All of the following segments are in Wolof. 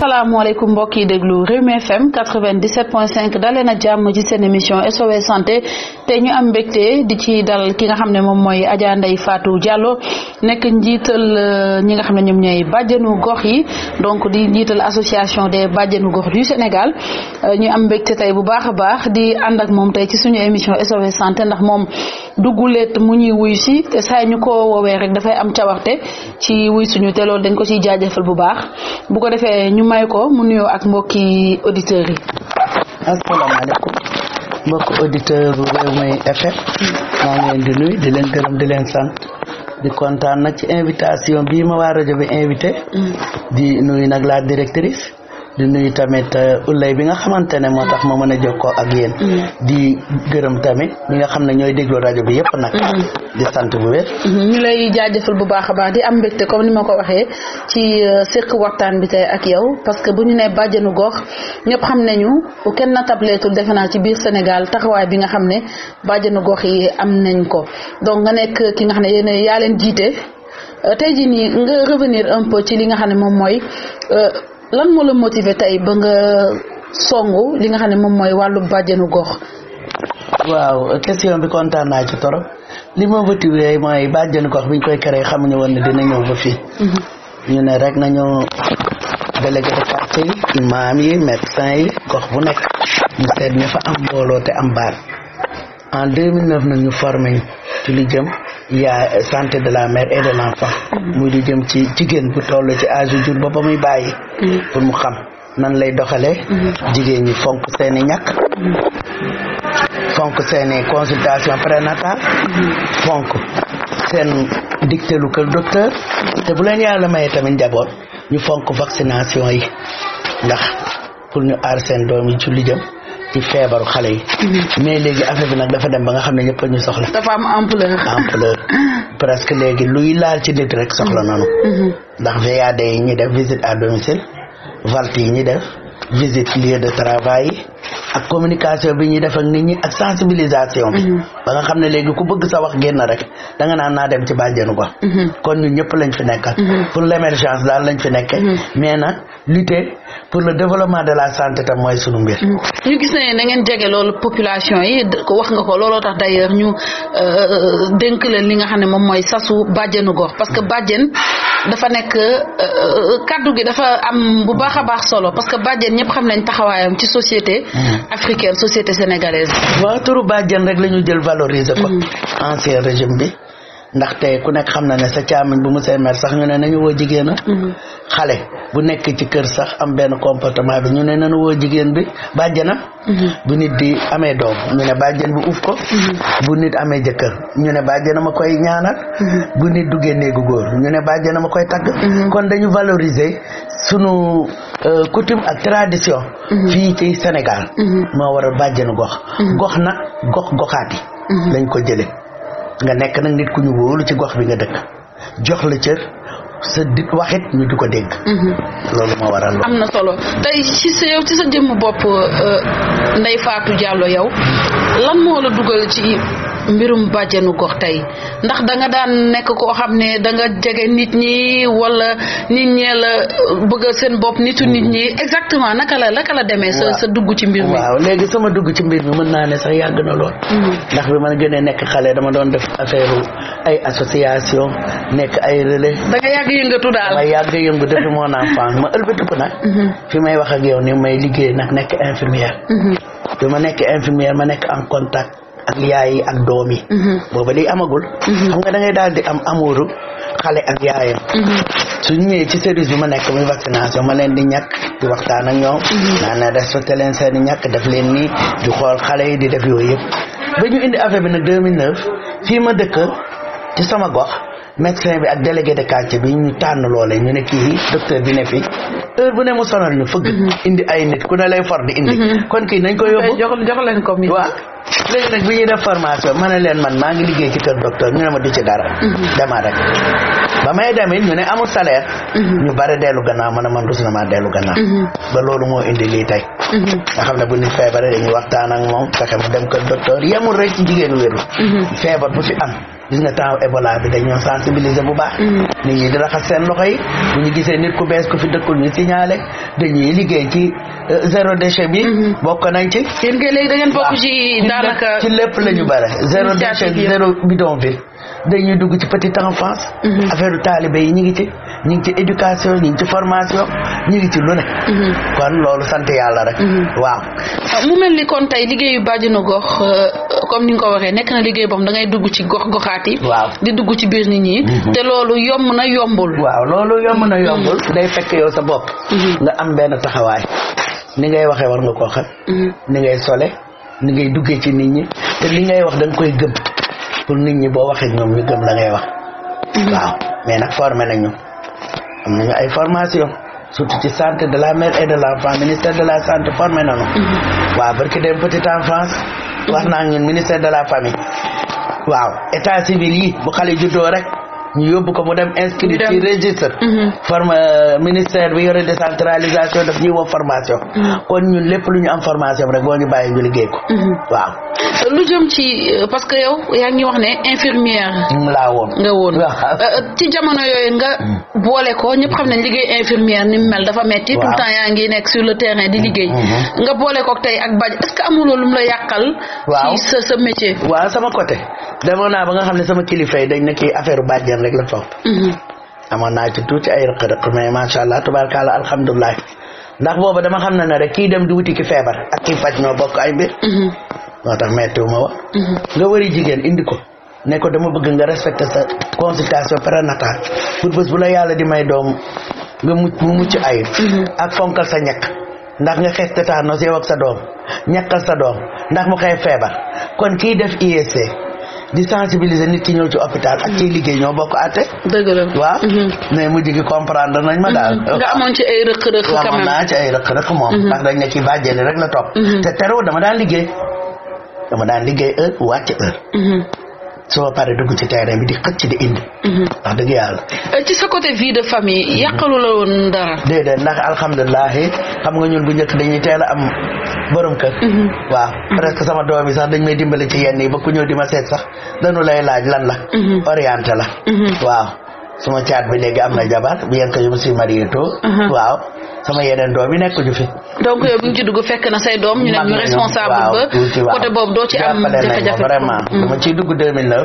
salaamaaleykum mbokk yi déglu Rewmi FM 97.5 dalee na jàmm ci seen émission SOS santé te ñu am mbégte di ci dal ki nga xam ne moom mooy Adja Ndeye Fatou Diallo nekk njiital euh, ñi nga xam ne ñoom ñooy bàjjanu gox yi donc di njiital association de bàjjenu gox du Sénégal euh, ñu am mbégte tey bu baax a baax di ànd ak moom tey ci suñu émission SOS santé ndax moom dugguleet mu ñuy wuy si te saa ñu ko woowee rek dafay am cawarte ci wuy suñu te loolu dañ ko ciy jaajëfal bu baax bu ko defee ñu may ko mu nuyoo ak mbokki auditeurs yi mbokk auditeur bu Rewmi FM maa ngi di nuyu di leen gërëm di leen sant di kontaan nag ci invitation bii ma waar rajo bi invité mm. di nuyu nag la directrice di nuyu tamit euh, ulay bi nga xamante ne moo tax ma mën a jokkoo ak yéen mm. di gërëm tamit ñi nga xam ne ñooy déglu rajo bi yëpp nag mm-hmm. di sant bu wér mm-hmm. ñu lay jaajëfal bu baax a baax di am mbégte comme ni ma ko waxee ci euh, séq waxtaan bi tey ak yow parce que bu ñu nee bàjjenu gox ñëpp xam nañu kenn na tableetul defe naa ci biir Sénégal taxawaay bi nga xam ne bàjjenu gox yi am nañ ko donc nga nekk ki nga xam ne yaa leen jiite euh, tey jii nii nga revenir un ci li nga xam ne moom mooy lan moo la motiver tey ba nga songu li nga xam ne moom mooy wàllu bàjjanu gox. waaw question bi kontaan naa ci torop li ma motiver mooy bàjjanu gox bi ñu koy créé xamuñu woon ne dina ñëw ba fii. Mhm. ñu ne rek nañu délégué de yi imaam yi médecin yi gox bu nekk ñu seet ña fa am mbooloo te am baat en 2009 nag ñu formé ci li jëm il a santé de la mère et de l' enfant muy di jëm ci jigéen bu toll ci âge yu jur ba ba muy bàyyi pour mu xam nan lay doxalee jigéen ñi fonk seeni ñàkk fonk seeni consultation prénatale fonk seen dicté lu kër docteur te bu leen la mayee tamit njaboot ñu fonk vaccination yi ndax pour ñu aar seen doom ci li jëm ci feebaru xale yi. Mhm. mais léegi affaire bi nag dafa dem ba nga xam ne ñëpp ñu soxla. dafa am ampleur. ampleur presque léegi luy laal ci nit rek soxla noonu. Mhm. ndax VAD yi ñuy def visite à domicile VALT yi ñuy def visite lieu de travail yi communication bi ñuy def ni ñi a sensibilisation bi. Mhm. ba nga xam ne léegi ku bëgg sa wax génn rek danga naan naa dem ci bàjjenu ba. kon ñun ñëpp lañ fi nekkal. pour l' émergence daal lañ fi nekkee. mais lutter pour le développement de la santé tam mooy sunu mbir. ñu gis ne na ngeen jege loolu population yi wax nga ko looloo tax d'ailleurs ñu euh, euh, dénk leen li nga xam ne moom mooy sasu bàjjenu gox parce que bàjjen dafa nekk euh, kaddu gi dafa am bu baax a baax solo parce que bàjjen ñëpp xam nañ taxawaayam ci société. Mm-hmm. africaine société sénégalaise. waa turu bàjjen rek la ñu jël valoriser ko. Mm-hmm. ancien régime bi. ndaxte ku nekk xam na ne sa càmmiñ bu mu seen mer sax ñu ne nañu woo jigéena mhm. xale bu nekk ci kër sax am benn comportement bi ñu ne nanu woo jigéen bi bàjjanam mhm. bu nit di amee doom ñu ne bàjjan bi uuf ko mhm. bu nit amee jëkkër ñu ne bàjjanam a koy ñaanal bu nit duggee néegu góor ñu ne bàjjanam a koy tagg kon dañu valoriser suñu euh, coutume ak tradition fii ci Sénégal moo waral bàjjanu gox gox na gox goxaati lañ ko jële nga nekk nag nit ku ñu wóolu ci gox bi nga dëkk jox la cër sa dit waxit ñu di ko dégg. Mhm. loolu moo waral loolu. am na solo tey ci sa ci sa jëmm bopp euh, Ndeye Fatou Diallo yow lan moo la dugal ci mbirum bàjjenu gox tey ndax da nga daan nekk koo xam ne danga jege nit ñi wala nit ñee la bëgg seen bopp nitu nit ñi exactement naka la laka la demee. sa sa dugg ci mbir mi. waaw léegi sama dugg ci mbir mi mën naa ne sax yàgg na lool. Mhm. ndax bi ma gënee nekk xale dama doon def affaire ay association nekk ay rele da nga yàgg yëngatu daal. ma yàgg yëngu depuis mon enfance ma ëlbatiku nag. Mhm. fi may wax ak yow ni may liggéey nag nekk infirmière. Mhm. bi ma nekk infirmière ma nekk en contact. ak yaay yi ak doom mhm. booba li amagul mhm. xam nga da ngay daal di am amuuru xale ak yaayam mhm. suñu ñëwee ci service bi ma nekk muy vaccination ma leen di ñàkk di waxtaan a ñoom naa na respecté leen seen i ñàkk def leen ni di xool xale yi di def yooyu yëpp ba ñu indi affaire bi nag 2009 fii ma dëkk ci sama gox médecin bi ak de de quartier bi ñu tànn loolee ñu ne kii docteur bi ne fi heure ne mu sonal ñu fëgg indi ay nit ku ne lay for di indi kon kii nañ ko yóbbu jox léegi nag bi ñuy def formation ma leen man maa ngi liggéey ci kër docteur ñu ne ma di ci dara. Mhm. dama rek ba may demit ñu ne amul salaire. Mhm. ñu bare dellu gannaaw ma ne man rus na maa dellu gannaaw. Mhm. ba loolu moo indi lii tey. nga xam ne bu ñu feebaree dañuy waxtaan ak moom fexe mu dem kër docteur yemul rek ci jigéenu wéru. feebar bu fi am. gis nga temps Ebola bi dañoo sensibiliser bu baax. nit ñi di raxas seen loxo yi bu ñu gisee nit ku bees ku fi dëkkul ñu signalé dañuy liggéey ci euh, zéro déchet bi. bokk nañ ci. daanaka ci lépp la ñu bare zéro déchet zéro bidon bi dañuy dugg ci petite enfance mhm. affaire taalibe yi ñu ngi ci ñu ngi ci éducation ñu ngi ci formation ñu ngi ci lu ne mhm. kon loolu sant yàlla rek mhm. waaw ah, mu mel ni kon tey liggéeyu na Gox euh, comme ni nga ko waxee nekk na liggéey boobu da ngay dugg ci gox goxaat yi waaw di dugg ci biir nit ñi te loolu yomb na yombul waaw loolu yomb na yombul day fekk yow sa bopp nga am benn taxawaay ni ngay waxee war nga ni ngay sole ni ngay duggee ci nit ñi te li ngay wax da koy gëm pour nit ñi boo waxee ñoom ñu gëm la ngay wax mhm. waaw mais nag na nañu am nañu ay formation surtout ci santé de la mère et de l'enfant ministère de la santé formé nañu mhm. waaw barki dem petite enfance mhm. wax naa ñun ministère de la famille waaw état civil yi bu xale juddoo rek ñu yóbbu ko mu dem inscrit ci registre mhm. forma euh, ministère bi yore décentralisation daf ñuy woo formation mhm. kon ñun lépp lu ñu am formation rek boo ñu bàyyi ñu liggéey ko mhm. lu jëm ci euh, parce que yow yaa ngi wax ne infirmière mm, laa woon nga woon euh, ci jamono yooyu nga mm. boole ko ñëpp xam nañ liggéey infirmière ni mu mel dafa metti tout temps yaa ngi nekk si le terrain di liggéey mm-hmm. Mm-hmm. nga boole ko tey ak baj est-ce que amuloo lu mu la yàqal ci waaw sama côté demoon naa ba nga xam ne sama kilifa yi dañ nekk kanam rek la topp. Mhm. amoon naa ci tuuti ay rëq-rëq mais macha allah tubaarkalla alhamdulilah ndax booba dama xam na ne rek kii dem di wuti ki feebar ak kii faj ñoo bokk ay mbir. Mhm. moo tax météo ma wax. nga wari jigéen indi ko ne ko dama bëgg nga respecté sa consultation prénatale pour bés bu la yàlla di may doom nga mu mu mucc ayib. Mhm. ak fonkal sa ñàkk ndax nga xees tétanos yow ak sa doom ñàkkal sa doom ndax mu xëy feebar kon kii def ISC. E, di sensibiliser nit ki ñëw ci hôpital ak ciy liggéey ñoo bokk àtte. dëgg la waaw. Mhm. mais mujj gi ma mhm. daal. nga amoon ci ay rëq-rëq. quand même amoon naa ci ay rëq-rëq moom. Mhm. ndax te terewul dama daan liggéey dama daan liggéey heure wàcc heure. soo paree dugg ci terrain bi di xëcc di indi. Mhm. wax dëgg yàlla. Euh, ci sa côté vie de famille. Mhm. yàqalu la woon dara. déedéet ndax alhamdulilah xam nga ñun bu njëkk dañuy teel a am borom kër. Mhm. waaw presque sama doom yi sax dañ may dimbale ci yenn yi ba ku ñëw di ma seet sax dañu lay laaj lan la. orienté la. waaw. suma caat bi léegi am na jabar bien que je me suis marié tôt. Uh-huh. waaw sama yeneen doom yi nekkuñu fi. donc yow bi ci dugg fekk na say doom. ñu ne ñu responsable ba côté doo ci am jafe-jafe vraiment. Mm. dama ciy dugg 2009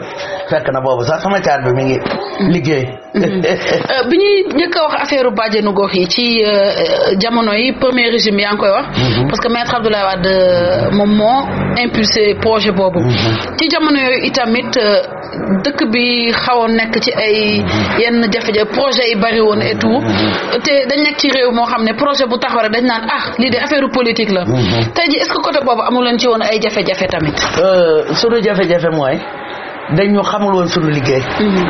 fekk na boobu sax sama caat bi mi ngi mm. liggéey. Mm. Euh, bi ñuy njëkk a wax affaire bàjjenu gox yi ci euh, euh, jamono yi premier régime yaa ngi koy wax. Mm-hmm. parce que maître Abdoulaye Wade moom moo impulsé projet boobu. Mm-hmm. ci jamono yooyu itamit dëkk bi xawoon nekk ci ay mhm. yenn jafe-jafe projet yi bari woon et tout mhm. te dañ nekk ci réew moo xam ne projet bu taxaw rek dañ naan ah lii de affaire politique la mhm. tey ji est-ce côté boobu amu leen ci woon ay jafe-jafe tamit euh, sunu jafe-jafe mooy dañu xamul woon suñu liggéey. Mhm.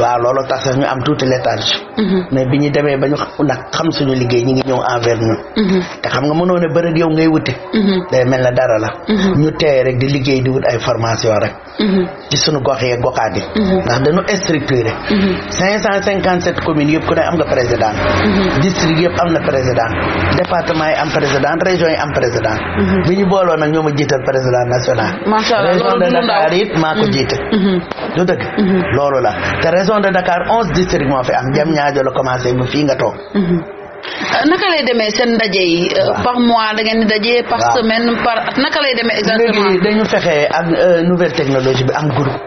waaw loolu tax sax ñu am tuuti léthargie. Mhm. mais bi ñu demee ba ñu nag xam suñu liggéey ñi ngi ñëw envers ñun. Mhm. te xam nga mënoo ne bërëg yow ngay wuti. day mel na dara la. ñu teye rek di liggéey di wut ay formation rek. ci suñu gox yeeg goxaat yi. ndax dañu structuré. 557 communes yëpp ku ne am nga président. district yëpp am na président département yi am président région yi am président. bi ñu booloon nag ñoo ma jiital président national. macha ko jiite. Mhm. du dëgg mhm. loolu la te région de Dakar onze districts moo fi am jam ñaajo la commencé bu fii nga toog mhm. euh, naka lay demee seen ndaje yi euh, par mois da ngeen di daje par semaine par naka lay demee exactement léegi dañu fexe ak euh, nouvelle technologie bi am groupe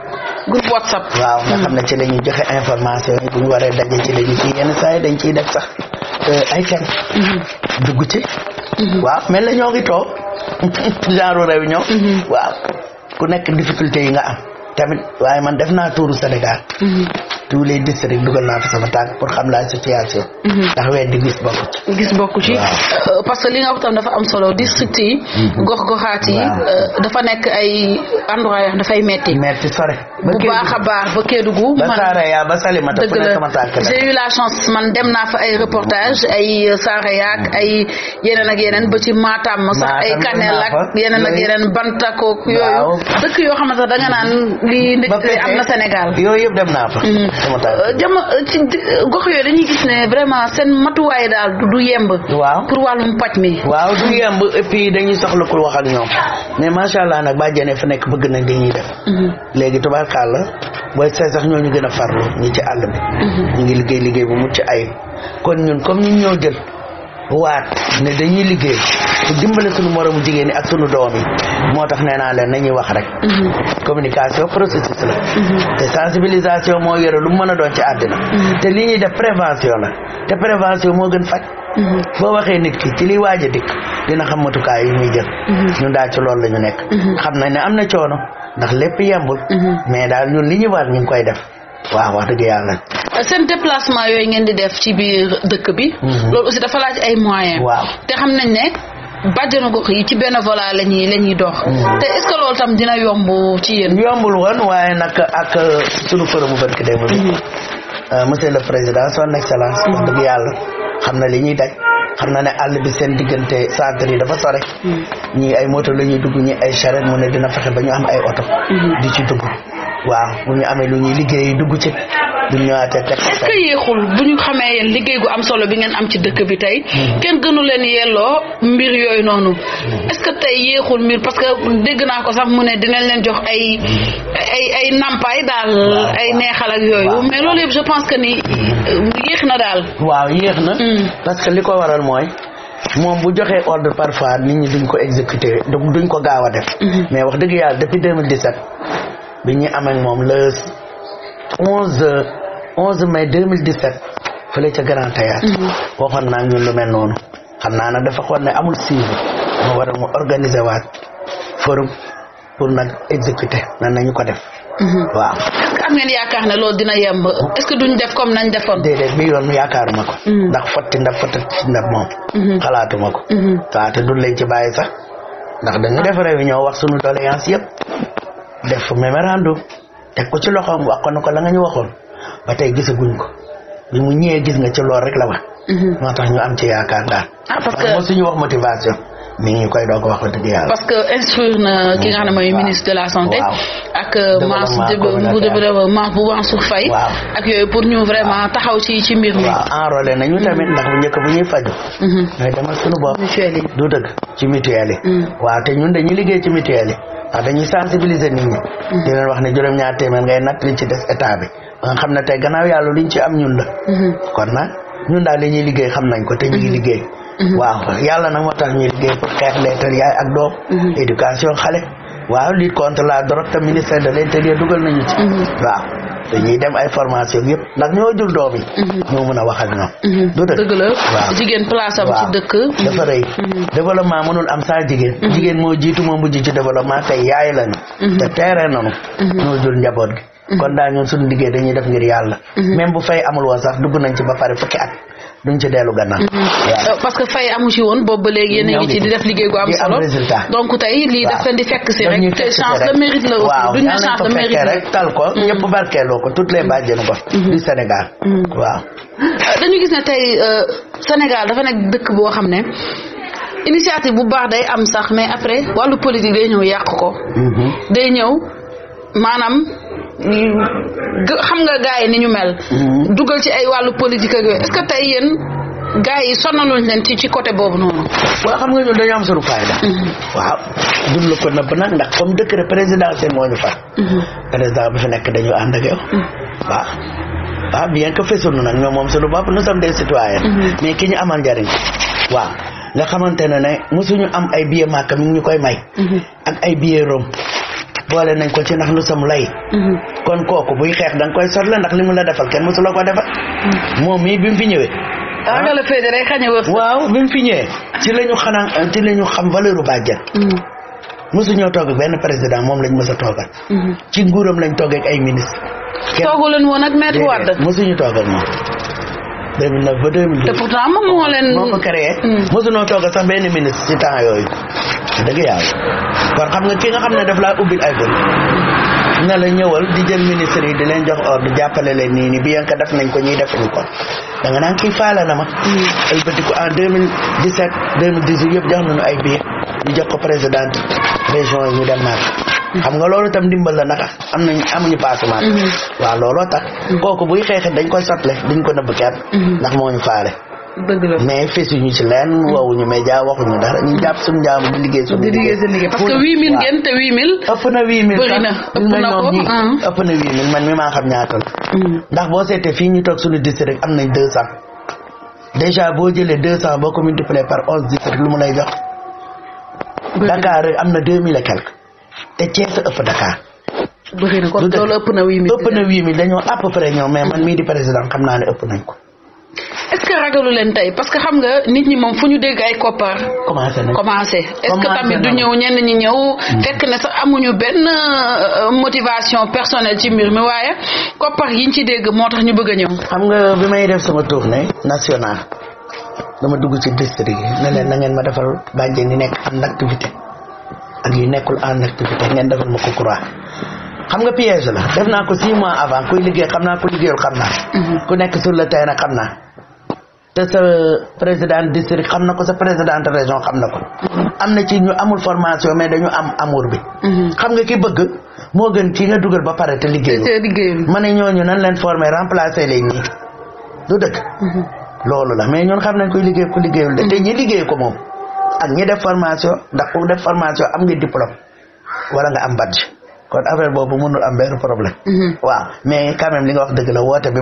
groupe whatsapp waaw nga xam ne ci la ñuy joxe information yi bu ñu waree daje ci la ñu ci yenn saa yi dañ ciy def sax ay fen ci waaw mel na ñoo ngi toog genre réunion waaw ku nekk difficulté yi nga am tamit waaye man def naa tuuru Sénégal. Mm-hmm. tous les districts dugal naa fa sama tànk pour xam la situation. Mhm. ndax weer gis bokku gis bokku ci euh, parce que li nga wax tam dafa am solo district yi. Mhm. gox goxaat yi. Euh, dafa nekk ay endroit yoo xam dafay metti. metti sore bu a baax ba Kédougou. ba Saraya ba Salimata fu nekk sama tànk la j'ai eu la man dem naa fa ay reportage ay euh, Saraya ak ay yeneen ak yeneen ba ci Matam sax ay Kanel ak yeneen ak yeneen Bantakook yooyu dëkk yoo xamante ne danga naan lii ndekk am na Sénégal yooyu yëpp dem naa fa mhm. Euh, jëm euh, ci gox yooyu dañuy gis ne vraiment seen matuwaay daal du yemb. waaw pour wàllum paj mi. waaw du yemb et dañuy soxla ku wax ak ñoom mais macha allah nag bàjjane fa nekk bëgg nañ dañuy def. Mhm. léegi tubaarkàlla booy seet sax ñoo ñu gën a farlu ñi ci àll bi. Mhm. ñu ngi liggéey liggéey bu mucc ay kon ñun comme ñu ñoo jël. waat ne dañuy liggéey pour dimbale sunu moromu jigéen ñi ak sunu doom moo tax nee naa leen nañuy wax rek mhm. communication processus la mhm. te sensibilisation moo yore lu mën a doon ci àddina mhm. te li ñuy def prévention la te prévention moo gën faj foo waxee nit ki ci liy waaj dikk dina xam matukaay yi muy jël ñun daal ci loolu la ñu nekk xam nañ ne am na coono ndax lépp yembul mais daal ñun li ñu war ñu ngi koy def waaw wax dëgg yàlla seen déplacement yooyu ngeen di def ci biir dëkk bi. Mhm. loolu aussi dafa laaj ay moyens. waaw te xam nañ ne bàjjenu gox yi ci benn vola la ñuy la dox. Mhm. te est ce loolu tam dina yomb ci yéen. yombul woon waaye nag ak euh, sunu fërëmu barke démb bi. monsieur le président son excellence. wax mhm. dëgg yàlla xam na li ñuy daj. xam na ne àll bi seen diggante centre yi dafa sore ñi ay moto la ñuy dugg ñu ay charrette mu ne dina fexe ba ñu am ay oto di ci dugg waaw bu ñu amee lu ñuy liggéey dugg ci du ñëwaatee teg est ñu xamee yéen liggéey gu am solo bi ngeen am ci dëkk bi tey. Hmm. kenn gënu leen yelloo mbir yooyu noonu. Hmm. est-ce que tey yéexul mbir parce que dégg naa ko sax mu ne dinañ leen jox ay hmm. ay ay nampaay daal ay neexal ak yooyu. mais loolu yëpp je pense que ni euh, yéex na daal. waaw yéex na. parce que li ko waral mooy. moom bu joxee ordre parfois nit ñi duñ ko exécuter duñ ko gaaw a def. mais wax dëgg yàlla depuis 2017. bi ñuy am ak moom le 11 11 mai 2017 fële ca Grand Théâtre mhm. waxoon naa ñun lu mel noonu xam naa nag dafa xool ne amul suivi moo waral mu organiser waat forum pour nag exécuter nan nañu ko def mhm. waaw est-ce loolu dina yemb est que duñ def comme nañ defoon déedéet bii yoon yaakaaruma ko mhm. ndax fotti ndab fotti ci ndab moom xalaatuma ko waaw te duñ leen ci bàyyi sax ndax dañu def réunion wax sunu doléance yëpp def mémorandum teg ko ci loxoom wax ko na ko la nga ñu waxoon ba tey gisaguñ ko bi mu ñëwee gis nga ci lool rek la wax. Mhm. moo tax ñu am ci yaakaar daal. ah parce que suñu wax motivation. ni ñu koy doog wax dëgg yàlla. parce que instruire na ki nga ne mooy ministre de la santé. ak euh, Mansour bu développement bu Mansour Faye. ak yooyu pour ñu vraiment taxaw ci ci mbir mi. waaw enrôlé nañu tamit ndax bu njëkk bu ñuy faju. ñooy mhm. demal suñu bopp. du dëgg ci mutuelle yi. Mhm. waaw te ñun dañuy liggéey ci mutuelle yi. ndax dañuy nit ñi. Mhm. di leen wax ne juróom-ñaar téeméer ngay natt liñ ci des état bi ba xam ne te gannaaw yàlla liñ ci am ñu la. kon na ñun daal li ñuy liggéey xam nañ ko te ñu ngi liggéey. Mm-hmm. waaw yàlla na moo tax ñuy liggéey pour xeex leetal yaay ak doom mm-hmm. éducation xale waaw lutte contre la drogue te ministère de l'intérieur dugal nañu ci mm-hmm. waaw dañuy dem ay formation yëpp ndax ñoo jur doom ñoo mën a wax ak ñoom du dëgg la waaw jigéen place am ci dëkk dafa rëy développement mënul am saa jigéen jigéen moo jiitu moo mujj ci développement te yaay la ñu te teere nanu ñoo jur njaboot gi kon daal ñun suñu liggéey dañuy def ngir yàlla même bu fay amul woon sax nañ ci ba pare fukki at duñ ci dellu gannaaw. Mm-hmm. waaw euh, parce que fay amu ci woon boobu ba léegi yéen a ngi ci di def liggéey gu am solo donc tey lii daf leen di fekk si rek te chance la mérite la aussi duñ ne chance la mérite la tal ko mm-hmm. ñëpp barkeeloo ko toutes les bàjjenu gox mm-hmm. du Sénégal waaw euh, dañu gis ne tey euh, Sénégal dafa nekk dëkk boo xam ne initiative bu baax day am sax mais après wàllu politique day ñëw yàq ko day ñëw maanaam xam nga gaa yi ni ñu mel. Mm-hmm. dugal ci ay wàllu politique ak yooyu est-ce que tey yéen gars yi sonnaluñ leen ci ci côté boobu noonu. waaw xam nga ñun dañoo am sunu fayda. Mm-hmm. waaw dund ko nëbb nag ndax comme décret présidentiel moo ñu far. Mm-hmm. président bi fi nekk dañu ànd ak yow. waaw waaw bien que fesul nag ñoom moom sunu bopp nous sommes des citoyens. mais ki ñu amal njariñ waa nga xamante ne ne mosuñu am ay billet Màkka mi ngi ñu koy may. ak ay billet Rome boole nañ ko ci ndax nu sam lay kon kooku buy xeex da koy sotle ndax li mu la defal kenn mësula ko defal mhm. moom mii bi mu fi ñëwee ah, ah. la féete day xañe waaw bi mu fi ñëwee ci la ñu xanaa ci la ñu xam valeur u bàjjen mësu mhm. ñoo toog ak benn président moom lañ mës a toogal mhm. ci nguuram lañ toog ay ministre kenn toogu leen woon ak maître Wade mësuñu toog ak moom 2009 ba 2012. te pourtant moom moo leen. moo ko créé. Mm. mosunoo toog sax benn ministre ci temps yooyu. dëgg yàlla kon xam nga ki nga xam ne daf laa ubbil ay bët. na la ñëwal di jël ministre yi di leen jox ordre jàppale leen nii nii bien que def nañ ko ñii defuñu ko da nga naan kii faala na ma. Mm. ay ëlbatiku en 2017 2018 yëpp jox nañu ay biir ñu jox ko présidente région yi ñu dem Màkka. xam nga loolu tam ndimbal la naka am nañ amuñu passement mm-hmm. waaw looloo tax mm-hmm. kooku buy xeexe dañ koy sotle dañ ko nëbb kenn mm-hmm. ndax moo ñu faale dëgg la mais fesuñu ci leen woowuñu média waxuñu dara ñu jàpp suñu njaamu di liggéey suñu liggéey parce que huit liggéey ngeen te huit mille ëpp na ah. man mi maa xam ñaata la ndax fii ñu toog suñu district am nañ deux cent déjà boo jëlee deux cent boo ko multiplié par onze lu mu lay jox Dakar am na deux mille et te Thiès ëpp Dakar. bëri na kon ëpp na 8000. ëpp na dañoo à peu près ñëw mais man mii di président xam naa ne ëpp nañ ko. est-ce que ragalu leen tey parce que xam nga nit ñi moom fu ñu dégg ay koppar. commencé commencé est-ce que tamit du ñëw ñenn ñi ñëw. Hmm. fekk ne sax amuñu benn euh, motivation personnelle ci mbir mi waaye koppar yiñ ci dégg moo tax ñu bëgg a ñëw. xam nga bi may def sama tournée nationale dama dugg ci district yi ne leen na ngeen ma defal bànjee ni nekk am activité. ak yu nekkul en activité ngeen defal ma ko croix xam nga piège la def naa ko six mois avant kuy liggéey xam naa ku liggéeyul xam naa mhm. ku nekk sur le terrain xam naa te sa président district xam na ko sa présidente région xam na ko mhm. am na ci ñu amul formation mais dañu am amour bi mhm. xam nga ki bëgg moo gën ci nga dugal ba pare te liggéeyul ma ne ñooñu nan leen former remplacer leen ñi du dëkk loolu la mais ñun xam nañ koy liggéey ku liggéeyul de te ñi liggéey ko moom ak ñi def formation ndax ku def formation am nga diplôme wala nga a badge kon affaire boobu mënul am benn problème. Mhm. waaw mais quand même li nga woote bi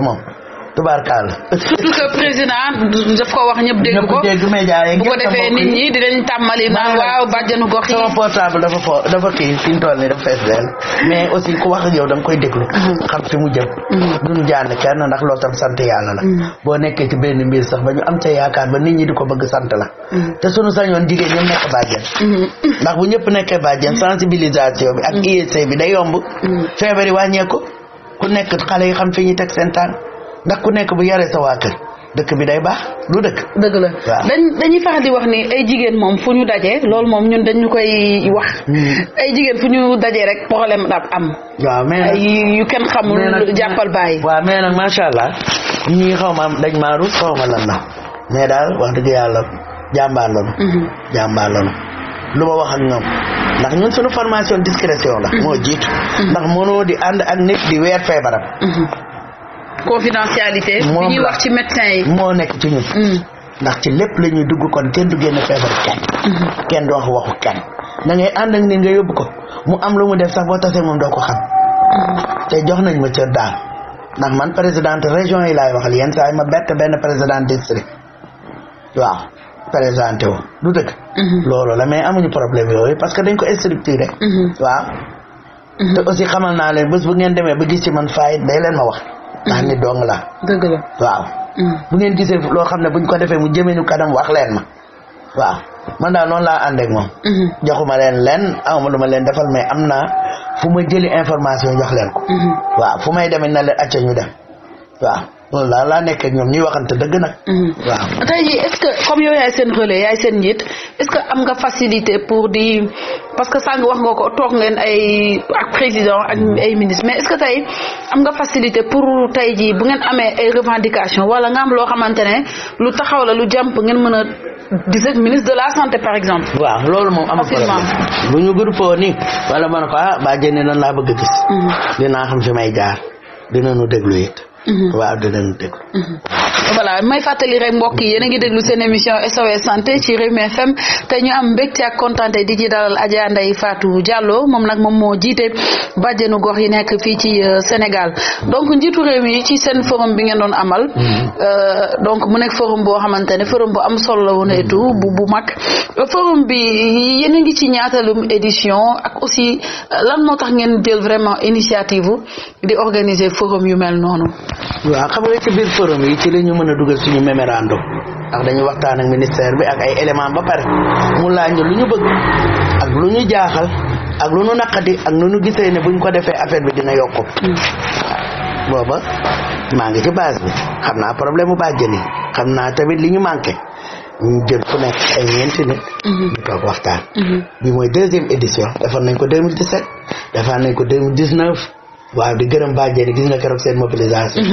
tubaarkaal surtout que président daf ko wax ñëpp dégg ko bu ko defee nit ñi dinañ tàmmali naan waaw bàjjanu gox yi sama portable dafa fo dafa kii fi mu toll nii dafa fees dell mais aussi ku wax ak yow da koy déglu mm-hmm. xam fi mu jëm mm-hmm. duñu jaan kenn ndax loolu tam sant yàlla la mm-hmm. boo nekkee ci benn mbir sax ba ñu am ca yaakaar ba nit ñi di ko bëgg sant la te suñu sañoon jigéen ñoom nekk bàjjen ndax bu ñëpp nekkee bàjjen sensibilisation bi ak IEC bi day yomb feebar yi wàññeeku ku nekk xale yi xam fi ñu teg seen ndax ku nekk bu yaree sa waa kër dëkk bi day baax lu dëkk. dëgg la dañ dañuy faral di wax ni ay jigéen moom fu ñu dajee loolu moom ñun dañu koy wax. Hmm. ay jigéen fu ñu dajee rek problème daal am. waaw mais nag yu kenn xamul. jàppal bàyyi. waaw mais nag macha allah ñii xaw ma dañ maa rus ma lan la mais daal wax dëgg yàlla jàmbaar lañu. Hmm. jàmbaar lañu lu ma wax ak ñoom ndax ñun suñu formation discrétion la. Hmm. moo jiitu. ndax mënoo di ànd ak nit di weer feebaram. confidentialité. bi ñuy wax ci médecin yi moo nekk ci ñun. Mm. ndax ci lépp la ñuy dugg kon kenn du génn feebar kenn. Mm-hmm. kenn du wax waxu kenn da ngay ànd ak ni nga yóbbu ko mu am lu mu def sax boo tasee moom doo ko xam. Mm-hmm. te jox nañ ma cër daal ndax man présidente région yi laay waxal yenn saa yi ma bett benn président district waaw présenté wu du dëgg. Mm-hmm. loolu la mais amuñu problème yooyu parce que dañ ko structuré. waaw. te aussi xamal naa leen bés bu ngeen ba gis ci man faay day leen ma wax. nga xam ne dong la. waaw. Mm. bu ngeen gisee loo xam ne bu buñ ko defee mu jëmee ñu kanam wax leen ma waaw man daal noonu laa ànd moom. Mm-hmm. joxuma leen leen amuma lu ma leen defal mais am naa fu ma jëli information jox leen ko. Mm-hmm. waaw fu may demee na leen acca ñu dem waaw. loolu daal laa nekk ak ñoom ñuy waxante dëgg nag. Mhm. waaw tey jii est-ce que comme yow yaay seen relais yaay seen njiit est-ce que am nga facilité pour di parce que sànq wax nga ko toog ngeen ay président mhm. ay ministre mais est-ce que tey am nga facilité pour tey jii bu ngeen amee ay revendication wala nga am loo xamante ne lu taxaw la lu jàmp ngeen mën a dis ak ministre de la santé par exemple. waaw loolu moom amul problème bu ñu groupé woon nii wala man ko ah baa jëndee nan laa bëgg a gis. Mhm. dinaa xam Mm-hmm. waaw dinañ déglu mm-hmm. voilà may fàttali rek mbokk yi yéen ngi déglu seen émission SOS santé ci Rewmi FM te ñu am mbégte ak kontaante di ci dalal Adja Ndeye Fatou Diallo moom nag moom moo jiite bàjjenu gox yi nekk fii ci euh, Sénégal donc njiitu réew mi ci seen forum bi ngeen doon amal. Mm-hmm. Euh, donc mu nekk forum boo xamante ne forum bu am solo la woon et tout bu bu mag forum bi yéen a ngi ci ñaatalum édition ak aussi euh, lan moo tax ngeen jël vraiment initiative di organiser forum yu mel noonu. ñu mën a dugal suñu mémorandum ndax dañuy waxtaan ak bi ak ay éléments ba pare mu laaj ñu lu ñu bëgg ak lu ñu jaaxal ak lu ñu naqadi ak nu ñu gisee buñ ko defee affaire bi dina yokku hmm. booba maa ngi ci base bi xam naa problème mu bàjjëli xam naa tamit li ñu manqué ku nekk ay ñeenti nit hmm. ñu toog waxtaan hmm. defoon nañ ko 2017 defoon nañ ko 2019 waaw di gërëm bàjjëli gis nga keroog seen mobilisation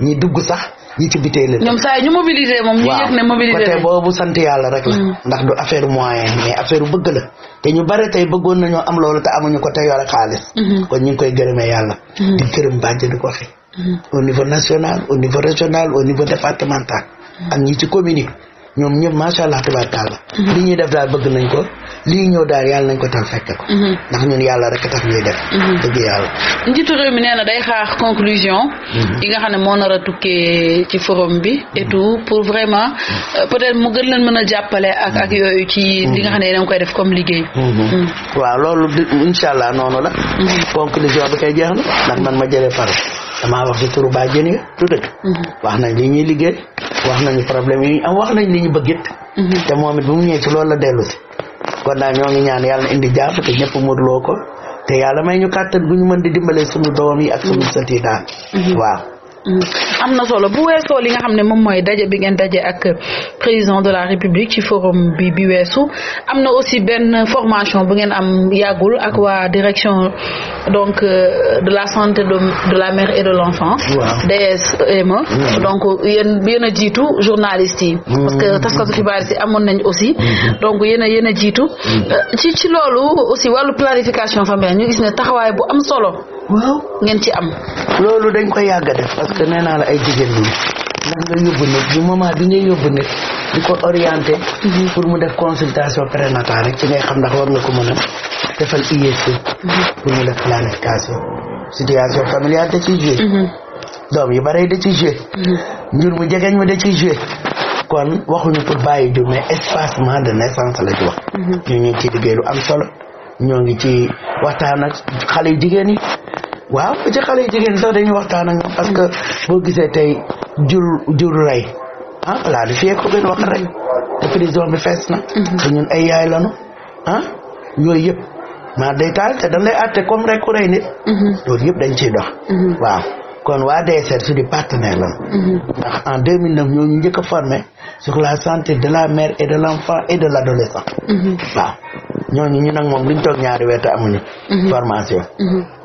ñi dugg sax ñi ci bitee la. ñoom saa ñu mobiliser moom. ñu yëg ne mobiliser côté boobu sant yàlla rek la. Mm. ndax du affaire moyen mais affaire bëgg la te ñu bare tey bëggoon nañoo am loolu te ñu ko tey yore xaalis. Mm-hmm. kon ñu ngi koy gërëmee yàlla. Mm-hmm. di gërëm bàjj di ko fi. Mm-hmm. au niveau national au niveau régional au niveau départemental. ak ñi ci commune ñoom ñëpp macha allah tabaarkalla mhm. li ñuy def daal bëgg nañ ko lii ñëw daal yàlla nañ ko tal fekk ko mhm. ndax ñun yàlla rek tax ñuy def mhm. dëgg yàlla njiitu réew mi nee na day xaar conclusion yi nga xam ne moo nar a tukkee ci forum bi et tout pour vraiment euh, peut-être mu gën leen mën a jàppale ak ak yooyu ci li nga xam ne yéen a koy def comme liggéey waaw loolu incha allah noonu la conclusion bi koy jeex na ndax man ma jële parole damaa wax ci turu baa jën yi du dëgg wax nañ li ñuy liggéey wax nañu problème yi am wax nañ li ñu bëgg it mhm. te moom it bu mu ñëwee loolu la dellu si kon daal ñoo ngi ñaan yàlla indi jàpp te ñëpp murloo ko te yàlla may ñu kàttan bu ñu mën di dimbalee sumu doom yi ak suñu sët yi daal mhm. Mm. am na solo bu weesoo li nga xam ne moom mooy daje bi ngeen daje ak président de la république ci forum bi bi weesu am na aussi benn formation bu ngeen am yàggul ak waa direction donc euh, de la santé de de la mère et de l'enfant DSME donc yéen yéen jiitu journalistes yi parce que taskatu xibaar e. si amoon nañ aussi donc yéen yéen a jiitu mm. ci loolu aussi wàllu planification familiale ñu gis ne taxawaay bu am solo ngeen ci am loolu dañ koy yàgg def parce que naa la ay jigéen ñi ndax nga yóbbu nit du moment bi ngay yóbbu nit di ko orienté mhm. pour mu def consultation prénatale rek ci ngay xam ndax war na ko mën a defal ISP e. mhm. pour mu def planification situation familiale da ci joué mhm. doom yi bare da ci joué njur mu jegeñ ma da ciy joué kon waxuñu ko bàyyi jur mais espacement de naissance la ci wax ñu ngi ciy liggéey lu am solo ñoo ngi ci waxtaan ak xale yu jigéen yi waaw ba ci xale jigéen sax dañuy waxtaan ak ñoom parce que boo gisee tey jur jur rey ah voilà du fiyee ko gën wax rek te prison bi fees na mhm. te ñun ay yaay lanu ah yooyu yëpp maa day taal te da lay àtte comme rek ku rey nit mhm. loolu yëpp dañ ciy dox mhm. waaw kon waa DSR suñu partenaire la mhm. ndax en 2009 njëkk a formé la santé de la mère et de l' enfant et de l' adolescent mhm. waaw ñooñu ñu nag moom luñ toog ñaari weer te amuñu mhm. formation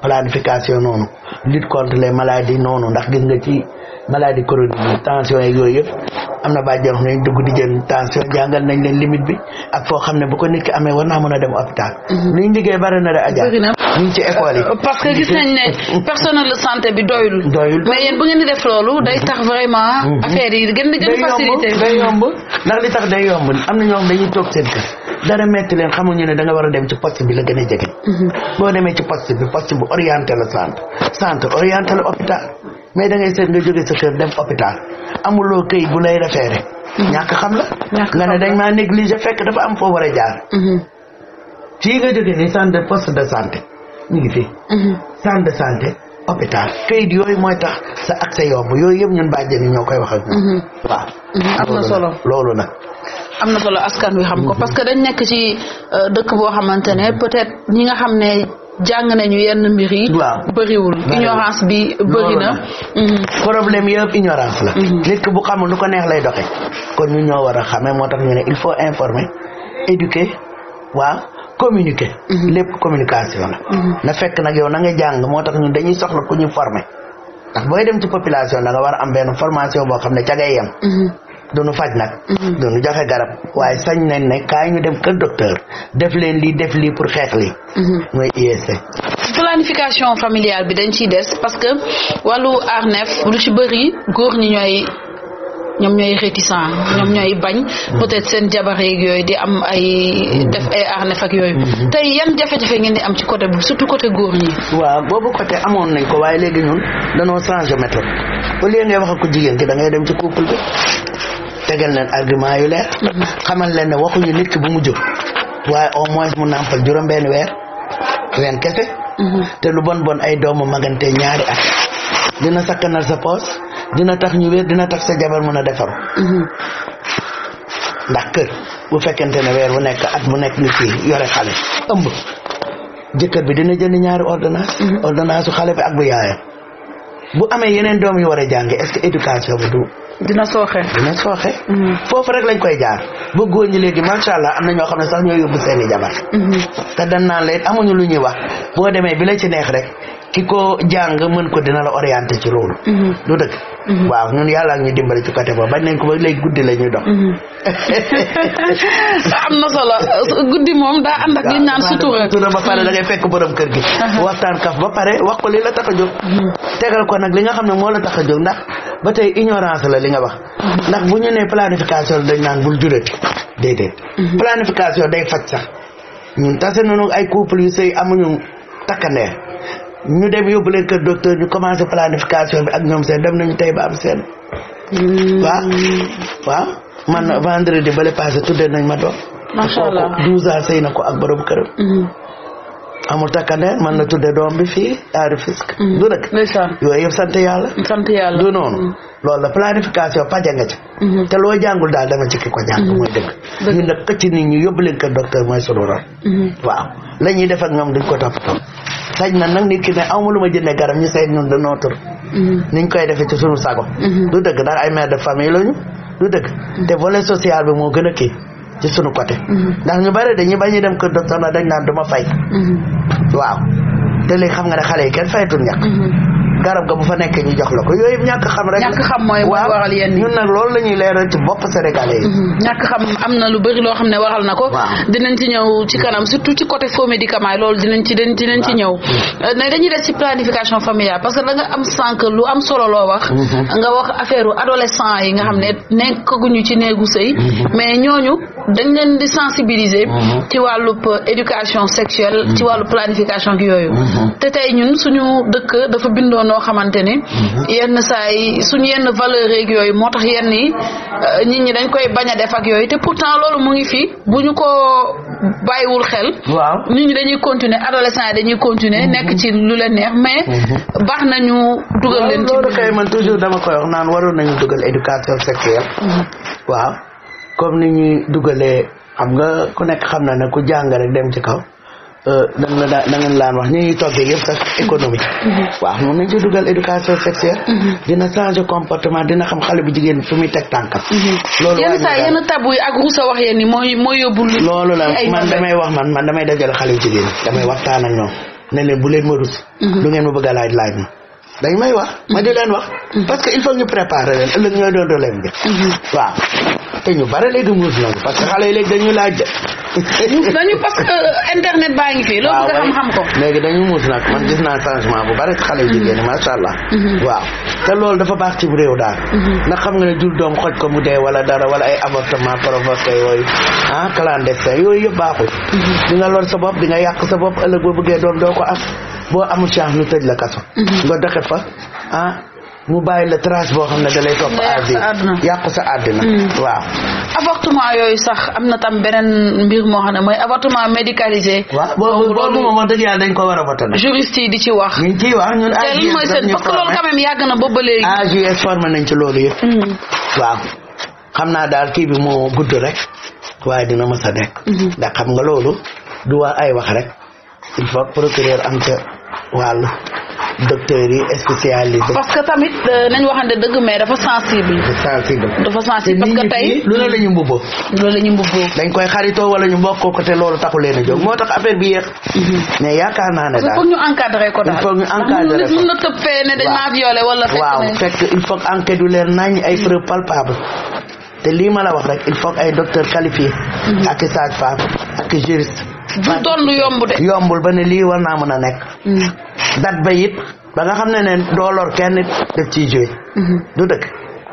planification noonu lutte contre les maladies noonu ndax gis maladie chronique yi tension yeeg yooyu yëpp am na bàjjen xam ne dugg di jël tension jàngal nañ leen limite bi ak foo xam ne bu ko nit ki amee war naa mën a dem hôpital. Mhm. liñ liggéey bari na de Adja. ñu ngi ci école yi. Euh, parce bi doyul. doyul mais yéen bu ngeen di mhm. yi gën di gën tax day yomb am na ñoo xam dañuy toog seen kër. metti leen xamuñu ne da war a dem ci poste bi la gën a jege. Mhm. boo demee ci poste bi poste bi orienté la centre centre la hôpital. mais da ngay seet nga jógee sa kër dem hôpital amuloo këy bu lay référé. Mm-hmm. ñàkk xam la. nga ne dañ maa négligé fekk dafa am foo war a jaar. Mm-hmm. fii nga jógee nii centre de poste de santé ñu mm-hmm. de santé hôpital këyit yooyu mooy tax sa accès yomb yooyu yëpp ñun bàjjen yi ñoo koy wax ak ñoom. waaw am na solo loolu nag. am na solo askan wi xam ko parce que dañ nekk ci euh, dëkk boo xamante ne peut-être ñi nga xam ne. jàng nañu yenn mbir yi. waaw bëriwul ignorance bi bëri na. Mhm. problème yëpp ignorance la. Mhm. nit ki bu xamul lu ko neex lay doxee. kon ñu ñoo war a xamee moo tax ñu ne il faut informer éduquer waaw communiquer. Mhm. lépp communication la. na fekk nag yow na nga jàng moo tax ñun dañuy soxla ku ñu former ndax booy dem ci population da war a am benn formation boo xam ne ca ngay duñu faj nag mm-hmm. duñu joxe garab waaye sañ nañ ne kaa ñu dem kër docteur def leen lii def lii pour xeex lii mm-hmm. mooy IST planification familiale bi dañ ciy des parce que wàllu arnef lu ci bëri góor ñi ñooy ñoom ñooy réticent ñoom ñooy bañ mm-hmm. peut-être seen jabar yeeg yooyu di am ay def ay arnef ak yooyu tey yan jafe-jafe ngeen di am ci côté bu surtout côté góor ñi waaw boobu côté amoon nañ ko waaye léegi ñun danoo changé méthode au lieu ngay wax jigéen ki da ngay dem ci couple bi tegal leen argument yu leer xamal leen ne waxuñu nit ki bu mu jóg waaye au moins mu nàmpal juróom benn weer leen kese te lu bon bon ay doomu magante ñaari at dina sakkanal sa poos dina tax ñu wér dina tax sa jabar mun a defaru ndax kër bu fekkente ne weer bu nekk at bu nekk nit ki yore xale ëmb jëkkër bi dina jënd ñaari ordonnance mhm. ordonnance su xale bi ak bu yaayam bu amee yeneen doom yu war a jànge est-ce que éducation bi du dina sooxe. dina sooxe. Mm-hmm. foofu rek lañ koy jaar ba góor ñi léegi macha allah am na ñoo xam ne sax ñoo yóbbu seen i jabar. Mm-hmm. te dañ naan leen amuñu lu ñuy wax boo demee bi la ci neex rek ki ko jàng mën ko dina la orienté ci loolu mhm. du dëgg mhm. waaw ñun yàlla ak ñu dimbali ci côté boobu bañ nañ ko ba léegi guddi la ñuy dox mhm. am na solo guddi moom daa ànd ak li ñu naan sutura ba pare da ngay fekk borom kër gi waxtaan kaf ba pare wax ko li la tax a jóg tegal ko nag li nga xam ne moo la tax a jóg ndax ba tey ignorance la li nga wax ndax bu ñu nee planification dañ naan bul jurati déedéet planification day faj sax ñu tase nañu ay couple yu sëy amuñu takkandeer ñu dem yóbbu leen kër docteur ñu commencé planification bi ak ñoom seen dem nañu tey ba am seen. Mm. waaw waaw man vendredi bale passé tuddee nañ ma doom. macha allah douze ans sëy na ko ak borom këram. Mm-hmm. amul takkandeer man na tudde doom bi fii à Rufisque. Mm-hmm. du rek yooyu yëpp sant yàlla. sant yàlla noonu. Mm-hmm. loolu la planification paja nga ci. te loo jàngul daal dama ci ki ko jàng. mooy dëgg ñun nag këcc nit ñu yóbbu leen kër docteur mooy sunu rôle. waaw la ñuy def ak ñoom duñ ko toppatoo. xëy na nag ni kii ne aw ma lu ma jëndee garab ñu seet ñun de nootur mm-hmm. ñu koy defee ci suñu sago mm-hmm. du dëgg daal ay mère de famille lañu du dëgg mm-hmm. te volet social bi moo gën a kii ci suñu côté ndax ñu bari dañuy bañ ñu dem kër docteur na dañ naan du ma fay waaw te léegi xam nga ne xale yi kenn fayatul ñàkk garab ga bu fa nekk ñu jox la ko yooyu xam rek. mooy waral yenn ñun nag loolu la leeral ci bopp sénégalais yi. Mhm. xam am na lu bëri loo xam ne waral na ko. dinañ ci ñëw ci mm. kanam surtout ci côté faux médicament loolu dinañ ci dinañ ci ñëw. Mm. Euh, mais dañuy des ci planification familiale parce que da nga am sànq lu am solo loo wax. Mm-hmm. nga wax affaire adolescent yi nga xam ne mm-hmm. nekkaguñu ci néegu sëy. Mm-hmm. mais ñooñu dañ leen di sensibiliser. ci wàllub euh, éducation sexuelle. ci wàllu planification gi yooyu. dëkk dafa bindoon yoo xamante ni mhm. yenn saa yi suñ yenn valeur yeeg yooyu moo tax yenn yi euh, nit ñi dañ koy bañ a def ak yooyu te pourtant loolu mu ngi fi bu ñu ko bàyyiwul xel waaw nit ñi dañuy continuer adolescent yi dañuy continuer mhm. nekk ci lu leen neex mais mhm. baax nañu dugal leen ci loolu man toujours dama koy wax naan waroon nañu dugal éducation sexuelle waaw comme ni ñuy dugalee xam nga ku nekk xam na ne ku jàng rek dem ci kaw dañ la daa da ngeen laan wax ñu ngi toggee yëpp sax économie mm-hmm. waaw moom nañ ci dugal éducation sexuelle mm-hmm. dina changer comportement dina xam xale bu jigéen fi muy teg tànkam mm-hmm. loolu yenn saa yenn tabu yi ak rusa wax la man damay wax man man damay dajale xale jigéen damay waxtaan ak ñoom ne leen bu leen ma rus lu ngeen ma bëgg a laaj laaj ma dañ may wax ma di leen wax parce que il faut ñu préparer leen ëllëg ñooy doon dooleem bi waaw te ñu bare léegi muus nañu parce que xale yi léegi dañuy laaj de. muus nañu parce que internet baa ngi fi. loolu ah muus nag man gis naa changement bu bare xale yu jigéen ñi mhm. macha allah. Mhm. waaw te loolu dafa baax ci réew daal. Mhm. na xam nga ne jur doom xoj ko mu dee wala dara wala ay avortement provoqué yooyu ah clandestin yooyu yëpp baaxul. di nga lor sa bopp di nga yàq sa bopp ëllëg boo bëggee doon doo ko am boo amul chance ñu tëj la kaso. nga doxe fa ah, mu bàyyi la trace boo xam ne da lay topp àddina yàqu sa àddina hmm. waaw avortement yooyu sax am na tam beneen mbir moo xam ne mooy avortement médicalisé waaw boobu boobu moom wax dëgg dañ ko war a voté nag juriste yi di ci wax ñu ciy wax ñun te li mooy seen parce que loolu quand yàgg na boobu ba léegi AJS formé nañ ci loolu yëpp hmm. waaw xam naa daal kii moo gudd rek waaye dina mës a nekk hmm. ndax xam nga loolu du waa ay wax rek il faut procureur am ca wàllu docteurs yi spécialisé. parce que tamit euh, nañu waxante dëgg mais dafa sensible. dafa sensible dafa sensible parce que tey. lu ne la ñu mbubboo. loolu la ñu mbubboo. dañ koy xarito wala ñu mbokkoo ko te loolu taxu leen a moo tax affaire bi yéex. Mhm. mais yaakaar naa ne daal. il faut ñu encadré ko daal il faut na tëb fee ne dañ maa violé wala. fekk waaw fekk il faut enquête yu leer nañ ay mhm. preuve palpable. te lii ma la wax rek il faut ay docteur qualifié. Mhm. ak sage-femme ak juriste. du doon lu yomb de. yombul ba ne lii war naa mën a nekk. Mm. dat ba it ba nga xam ne ne doolor kenn daf ciy mm-hmm. du dëkk.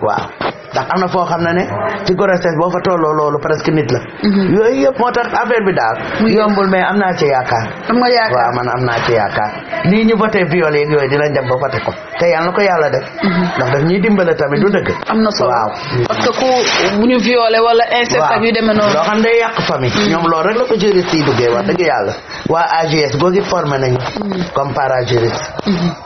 waaw ndax am na foo xam ne ne ci grossesse boo fa tolloo loolu presque nit la mhm. yooyu yëpp moo tax affaire bi daal mu yombul mais am naa ci yaakaar am na yaakaar waaw man am naa ci yaakaar nii ñu voté viol yeeg yooyu dinañ dem ba voté ko te yàlla na ko yàlla def mhm. ndax daf ñuy dimbale tamit du dëgg am na solo waaw parce que ku ñu violé wala inceste ak yu demee noonu loo xam day yàq famille mhm. ñoom loolu rek la ko juriste ci duggee wax dëgg yàlla waa AGS googi formé nañu comme para juriste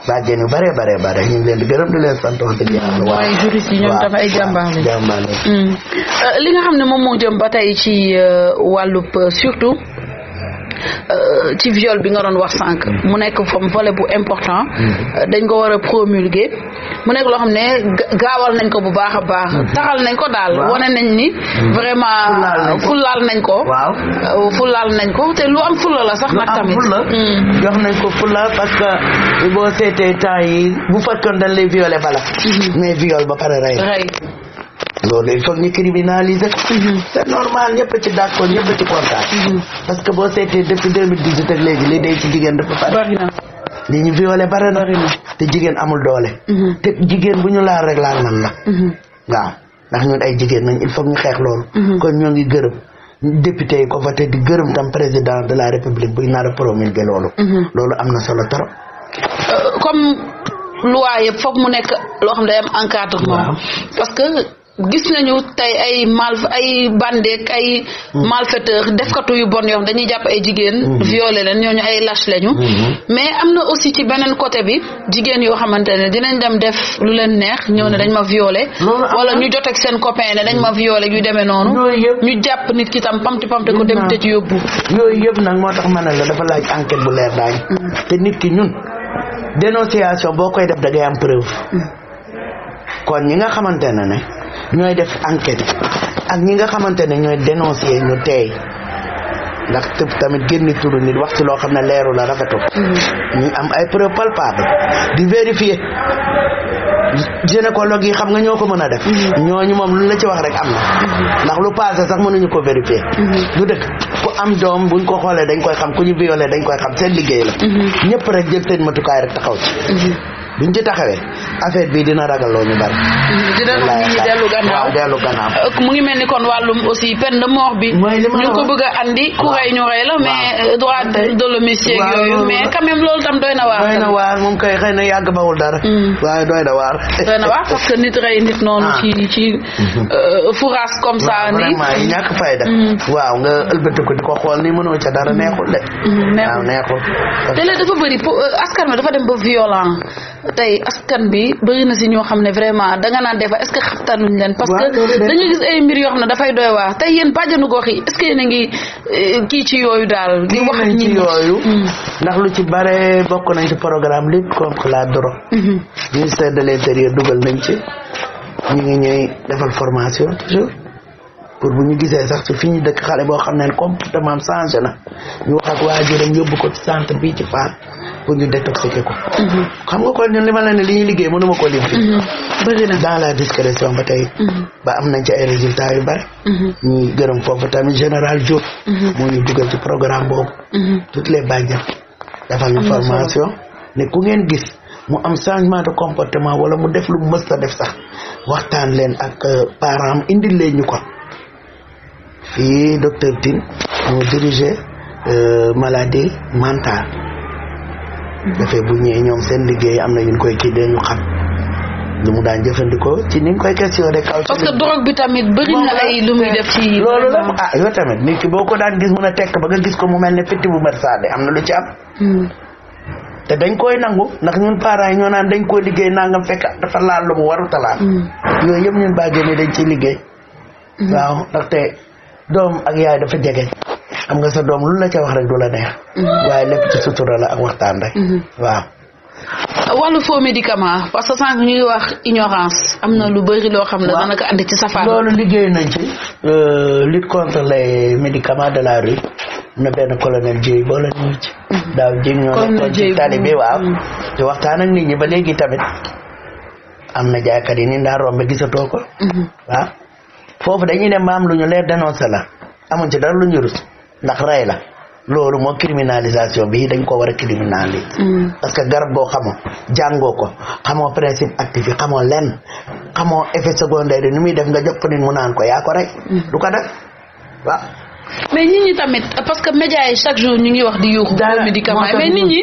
bàjjen yu bare bare bare leen di gërëm di leen sant wax ñoom tam ay jàmbaar lañ mm. euh, li nga xam ne moom moo jëm ba tey ci euh, wàllub euh, surtout Euh, ci viol bi nga doon wax sànq mm. mu nekk fam volet bu important mm. euh, dañ ko war a promulguer mu nekk loo xam ne gaawal nañ ko bu baax a baax mm. taxal nañ ko daal wane nañ ni vraiment fulaal nañ ko waaw euh, fulaal nañ ko te lu am fula la sax nag tamit jox nañ ko fula parce que boo seetee temps yi bu fekkoon dañ lay violé bala mm-hmm. mais viol ba pare rey loolu il faut ñu criminaliser mm-hmm. c'est normal ñëpp ci d'accord ñëpp ci kontaan mm-hmm. parce que boo seetee depuis deux mille dix-huit ak léegi li day ci jigéen dafa bari li ñu violé bari na te jigéen amul doole mm-hmm. te jigéen bu ñu laal rek laal man la waaw ndax ñun ay jigéen nañ il faut ñu xeex loolu kon ñoo ngi gërëm député yi ko voté di gërëm tam président de la république buy nar a promulguer loolu loolu am na solo trop euh, comme loi yëpp foog mu nekk loo xam day am gis nañu tey ay mal ay bandeek ay mm-hmm. malfaiteur defkatu yu bon yoon dañuy jàpp ay jigéen mm-hmm. violé leen ñooñu ay lâche lañu mm-hmm. mais am na aussi ci beneen côté bi jigéen yoo xamante ne dinañ dem def lu leen neex ñëw ne dañ ma violé wala ñu jot seen copain ne ma violé yu demee noonu ñu jàpp nit ki tam pamti pamti ko dem tëj yóbbu yooyu yëpp nag moo tax ma ne la dafa laaj enquête bu leer daañ te nit ki ñun dénonciation boo koy def da am preuve kon ñi nga xamante ne ne ñooy def enquête ak ñi nga xamante ne ñooy dénoncer ñu teey ndax tëb tamit génn turu nit wax ci loo xam ne leeru la rafetul mm-hmm. ñu am ay preuve palpable di vérifier gynécologue yi xam nga ñoo ko mën a def mm-hmm. ñooñu moom lu la ci wax rek am na mm-hmm. ndax lu passé sax mënuñu ko vérifier lu dëkk ku am doom buñ ko xoolee dañ koy xam ku ñu violé dañ koy xam seen liggéey la ñëpp rek jël seen matukaay rek taxaw ci duñ ci taxawee affaire bi dina ragaloo ñu bari. dina ñu dellu gannaaw waaw mu ngi mel ni kon wàllum aussi peine de mort bi. mooy li ma ñu ko bëgg andi. ku rey ñu mais euh, droit de l'homme yooyu mais na waar. doy na yàgg bawul dara. Mm. waaye doy na waar. doy na waar parce que nit rey nit noonu. Ah. ci ci euh, fourage comme ça. nii ñàkk fayda. Mm. waaw nga ëlbati ko di ko xool ni mënoo ca dara mm. neexul de. te léegi dafa bëri euh, askan wi dafa dem ba violent tey askan bi bëri na si ñoo xam ne vraiment danga naan des fois est-ce que xaftanuñ leen parce que dañu gis ay mbir yoo xam ne dafay doy waar tey yéen bàjjanu gox yi est-ce ngi euh, kii ci yooyu daal di wax ñi yooyu hmm. ndax lu ci bare bokk nañ ci programme lutte contre la drogue hmm. ministère de l'intérieur dugal nañ ci ñu ngi ñuy defal formation toujours pour bu ñu gisee sax su fi ñu dëkk xale boo xam ne comportement changé na ñu wax ak waajuram yóbbu ko ci centre bi ci Fann pour ñu détoxiquer ko. Mhm. xam nga kon ñun li ma la li ñuy liggéey mënuma koo lim fii. Mhm. bëri na dans la discrétion ba tey. Mhm. ba am nañ ci ay résultats yu bari. ñuy gërëm foofu tamit général Diop. moo ñu dugal ci programme boobu. toutes les bàjjam defal ñu formation ne ku ngeen gis. mu am changement de comportement wala mu def lu mu mës a def sax waxtaan leen ak euh, parents am indi leen ñu ko fii docteur Tine moo dirigé euh, maladie mentale dafay bu ñëwee ñoom seen liggéey am na ñun koy kii dañu xam lu mu daan jëfandikoo ci ni koy questionné kaw parce bi tamit bëri na ay lu muy def ci loolu ah, ko daan gis mun a tekk ba nga gis ko mu mel ne fitti bu am na lu ci am hmm. dañ koy nangu ndax ñun parents yi ñoo naan dañ koy liggéey nangam fekk dafa laal lu mu waru talaal hmm. yooyu yëpp ñun ni dañ ciy liggéey hmm. waaw doom ak yaay dafa jege am nga sa doom lu la ca wax rek du la neex. Mhm. waaye lépp ci sutura la ak waxtaan rek. Mhm. waaw. wàllu faux médicament parce que sànq ñuy wax ignorance am na lu bëri loo xam ne dana ko andi ci safaan. loolu liggéey nañ ci. Euh, de la rue na benn colonel ci. Mhm. daaw jéeg ñoo nekkoon ci waaw. di waxtaan ak nit ñi ba léegi tamit am na jaaykat yi ni daa romb gisatoo ko. waaw foofu dañuy ne maam lu ñu leer dénoncé la amuñ ci dara lu ñu rus. ndax rey la loolu moo criminalisation bi dañ ko war a criminaliser mm. parce que garab goo xamoo jàngoo ko xamoo principe actif yi xamoo lenn xamoo efe secondaire yi nu muy def nga jox ko nit mu naan ko yaa ko rey mm. du ko def waaw mais nit ñi tamit parce que média chaque jour ñu ngi wax di yuuxu médicament mais nit ñi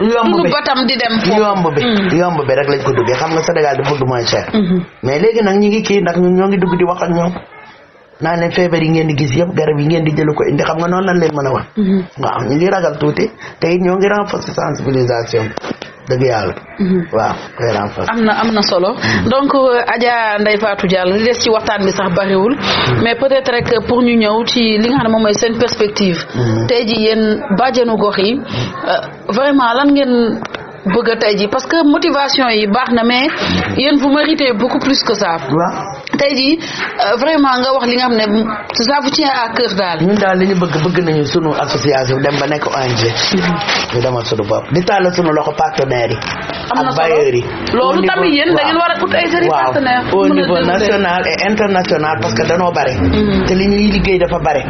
duñu di dem bi mm. yomb bi rek ko duggee xam nga Sénégal dafa bëgg moins cher mm-hmm. mais léegi nag ñi ngi kii ndax ñoo ngi dugg di wax ak ñoom naa leen feebar yi ngeen di gis yëpp garab yi ngeen di jëlu ko indi xam nga noonu lañ leen mën a wax mhm. waaw ragal tuuti te it ñoo ngi renforcer sensibilisation dëgg yàlla. Mhm. waaw koy am na am na solo mhm. donc euh, Adja Ndeye Fatou Diallo li des ci waxtaan bi sax bariwul. mais peut-être rek pour ñu ñëw ci li nga xam ne moom mooy seen perspective. tey jii yéen bàjjenu gox yi euh, vraiment lan ngeen. bëgg tey ji parce que motivation yi baax na mais yéen vous méritez beaucoup plus que ça. tey jii euh, vraiment nga wax li nga xam ne ça vous tient à cœur daal. ñun daal li ñu bëgg bëgg nañu sunu association dem ba nekk ONG. Mhm. ñu demal sunu bopp di tàllal sunu loxo partenaires yi. am na ak bailleurs yi. loolu tamit yéen da war a ut ay seen partenaires. waaw au niveau national et international parce que mhm. danoo bare. Mhm. te li ñuy liggéey dafa bare.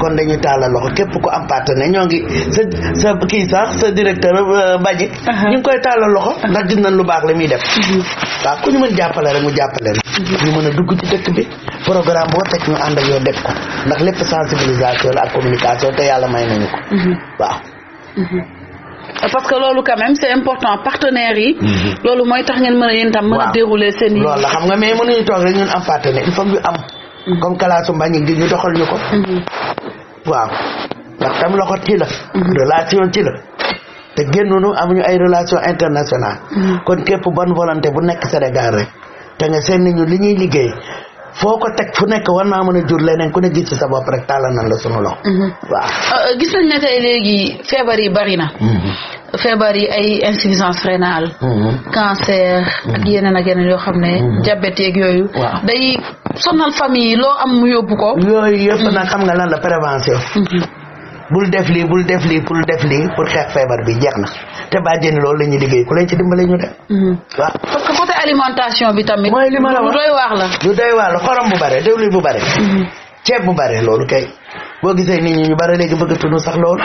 kon dañuy tàllal loxo képp ku am partenaire ñoo ngi sa sa kii sax sa directeur euh, Badji. ñu koy tàllal loxo. ndax gis nañ lu baax la muy def. waaw ku dugg ci dëkk bi programme boo teg ñu ànd ak yow def ko ndax lépp sensibilisation la ak communication te yàlla may nañu ko mhm. waaw mhm. parce que loolu quand même c'est important partenaires yi mhm. loolu mooy tax ngeen mën a yéen tam mën a dérouler seen yi loolu la xam nga mais mënuñu toog rek ñun am partenaire il faut ñu am comme kalaasu mbañi gi ñu doxal ñu ko waaw ndax tam loxo ci la relation ci la te génn nu amuñu ay relation internationale kon képp bonne volonté bu nekk Sénégal te seen ni ñu li ñuy liggéey foo ko teg fu nekk war naa mën a jur leneen ku ne gis ci sa bopp rek taala nan la sunu loxo mhm. waaw euh, euh, gis nañ ne tey léegi feebar yi bari na mhm. yi ay insuffisance rénale mhm. cancer ak yeneen ak yeneen yoo xam ne jabet yeeg yooyu day sonal famille loo am mu yóbbu ko yooyu yëpp nag xam nga lan la prévention bul def lii bul def lii bul def lii pour xeex feebar bi jeex na te bàjjeni loolu la ñuy liggéey ku leen ci dimbale ñu dem. Mhm. waaw parce que côté alimentation bi tamit. mooy li wax lu doy waar la. lu xorom bu bare diwlin bu bare. Mhm. ceeb bu bare loolu kay boo gisee nit ñi ñu bare léegi bëgg tunu sax loolu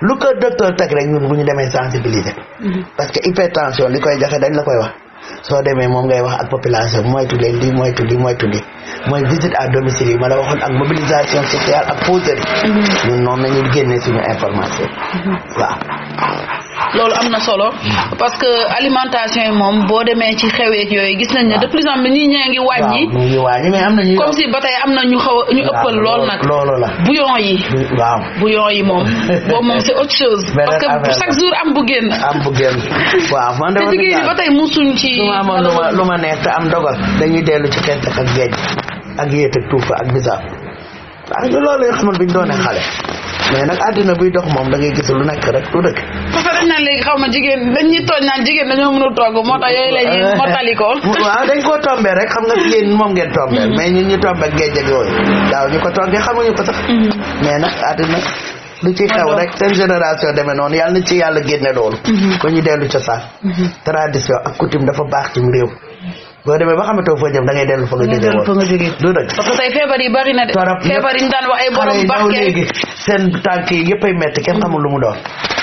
lu ko docteur teg rek ñun bu ñu demee sensibiliser. Mhm. parce que hypertension li koy joxe dañ la koy wax. soo demee moom ngay wax ak population moytu leen lii moytu lii moytu lii mooy visite à domicile yi ma la waxoon ak mobilisation sociale ak poserie mm-hmm. ñun noonu ñu génne suñu information mm-hmm. waaw loolu am na solo mm. parce que alimentation yi moom boo demee ci xeweeg yooyu gis nañ ne de plus en plus ñi ñee ngi wàññi mais comme si ba tey am na ñu xaw a ñu ëppal lool nag loolu la bouillon yi waaw bouillon yi moom boobu moom c'est autre chose parce que chaque jour am bu génn am bu génn waaw man dem jigéen ñi ba tey musuñ ci lu ma amoon lu ma lu nekk am dogal dañuy dellu ci xet ak géej ak yéet ak tuufa ak bisaab waaw loolu yoo xam ne doonee xale mais nag àddina buy dox moom da ngay gis lu nekk rek lu dëkk. parce que dañ léegi xaw ma jigéen dañ ñuy tooñ naan jigéen dañoo mën a togg moo tax ko. waaw dañ koo tombé rek xam nga yéen moom ngeen tombé mais ñun ñu tombé ak géej ak yooyu daaw ñu ko toggee xamuñu ko sax. Mm-hmm. mais nag àddina lu ci xew rek seen génération demee noonu yàlla na ci yàlla génne loolu. ko mm-hmm. ñu dellu cosaan. Mm-hmm. tradition ak coutume dafa baax ci réew. boo demee ba xamatoo foo jëm da ngay dellu fa nga jógee woon. du dëgg parce que feebar yi bari na de. torop feebar yi daan wax ay borom barke seen tànk yi yëpp ay metti kenn xamul lu mu doon.